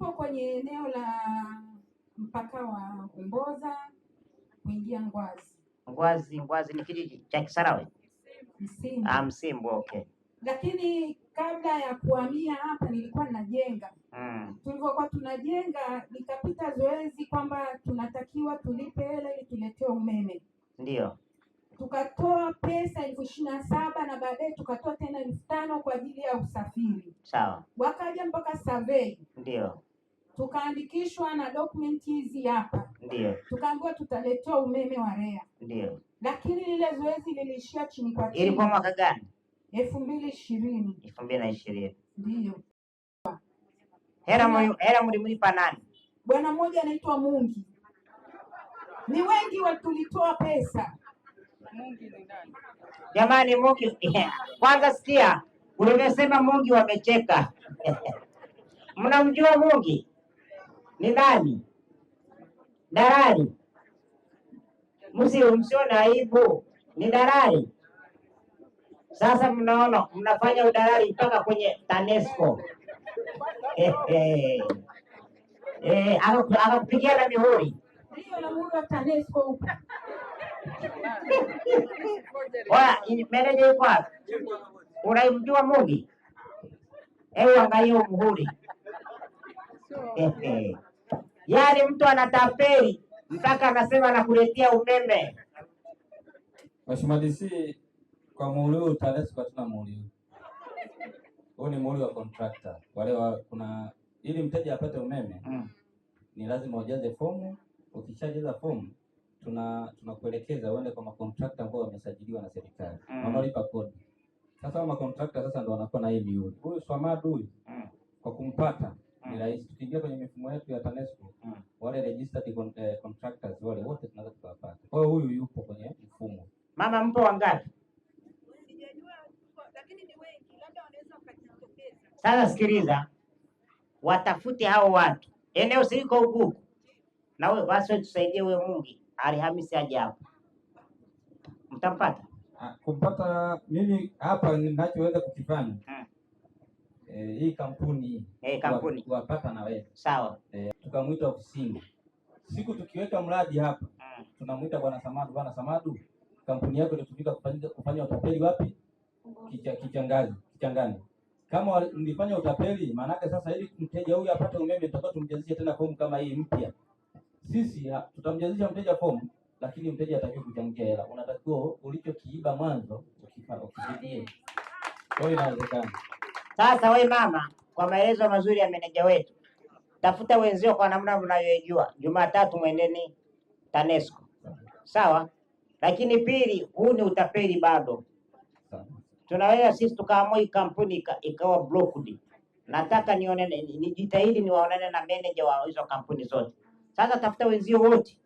Nipo kwenye eneo la mpaka wa Kumboza kuingia Ngwazi. Ngwazi, Ngwazi ni kijiji cha Kisarawe Msimbo. Ah, Msimbo, okay. Lakini kabla ya kuhamia hapa nilikuwa ninajenga mm. Tulivyokuwa tunajenga nikapita zoezi kwamba tunatakiwa tulipe hela ili tuletee umeme, ndio tukatoa pesa elfu ishirini na saba na baadaye tukatoa tena elfu tano kwa ajili ya usafiri. Sawa, wakaja mpaka survey, ndio tukaandikishwa na dokumenti hizi hapa, ndio tukaambiwa tutaletewa umeme wa REA, ndio lakini lile zoezi liliishia chini kwa chini. Ilikuwa mwaka gani? elfu mbili ishirini elfu mbili na ishirini ndio. Hela mlimlipa nani? Bwana mmoja anaitwa Mungi. Ni wengi watulitoa pesa. Mungi ni nani? Jamani, Mungi kwanza sikia ulimesema Mungi, wamecheka mnamjua Mungi? ni nani? Dalali. Msio na aibu, ni dalali. Sasa mnaona mnafanya udalali mpaka kwenye TANESCO. Eh, eh. Eh, akakupigia na mihuri meneja yuko wapi? Unaimjua Mungi? Hebu angalia muhuri. Yaani mtu anatapeli mpaka anasema anakuletea umeme. Mheshimiwa DC, kwa muhuri TANESCO hatuna muhuri. Huu ni muhuri wa contractor. Kwa wa kuna ili mteja apate umeme mm, ni lazima ujaze fomu. Ukishajaza fomu tuna tunakuelekeza uende kwa makontrakta ambao wamesajiliwa na serikali mm, wanalipa kodi. Sasa makontrakta sasa ndo wanakuwa na hii miuri. Huyu Swamadu huyu mm, kwa kumpata Mm. ni rahisi. Tukiingia kwenye mifumo yetu ya TANESCO, mm. wale registered eh, contractors wale wote tunaweza tukawapata. Kwa hiyo huyu yupo kwenye mfumo. Mama, mpo wangapi? Sasa sikiliza, watafute hao watu, eneo siliko huku na wewe basi tusaidie, wewe Mungi Alhamisi aje hapo, mtampata ah, kumpata. Mimi hapa ninachoweza kukifanya mm eh, hii kampuni eh, kampuni tuwapata na wewe sawa eh, tukamwita ofisini siku tukiweka mradi hapa mm. tunamwita bwana Samadu, bwana Samadu, kampuni yako itatumika kufanya, kufanya utapeli wapi? Kicha, kichangani, kichangani. Kama mlifanya utapeli, maanake sasa ili mteja huyu apate umeme tutakuwa tumjazie tena fomu kama hii mpya. Sisi tutamjazisha mteja fomu, lakini mteja atakiwa kuchangia hela. Unatakiwa ulichokiiba mwanzo ukifanya ukirudie. Kwa hiyo inawezekana. Sasa we mama, kwa maelezo mazuri ya meneja wetu, tafuta wenzio kwa namna mnayoijua. Jumatatu mwendeni TANESCO, sawa. Lakini pili, huu ni utapeli bado, tunaweza sisi tukaamua kampuni ikawa blocked. Nataka nione, nijitahidi niwaonane na meneja wa hizo kampuni zote. Sasa tafuta wenzio wote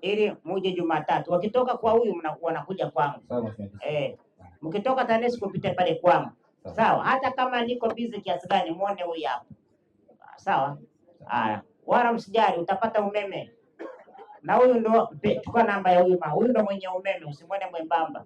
ili muje Jumatatu, wakitoka kwa huyu wanakuja kwangu eh, mkitoka TANESCO pita pale kwangu sawa, hata kama niko busy kiasi gani, muone huyu hapa, sawa. Haya, wala msijali, utapata umeme na huyu ndo, tuka namba ya huyu ma, huyu ndo mwenye umeme, usimwone mwembamba.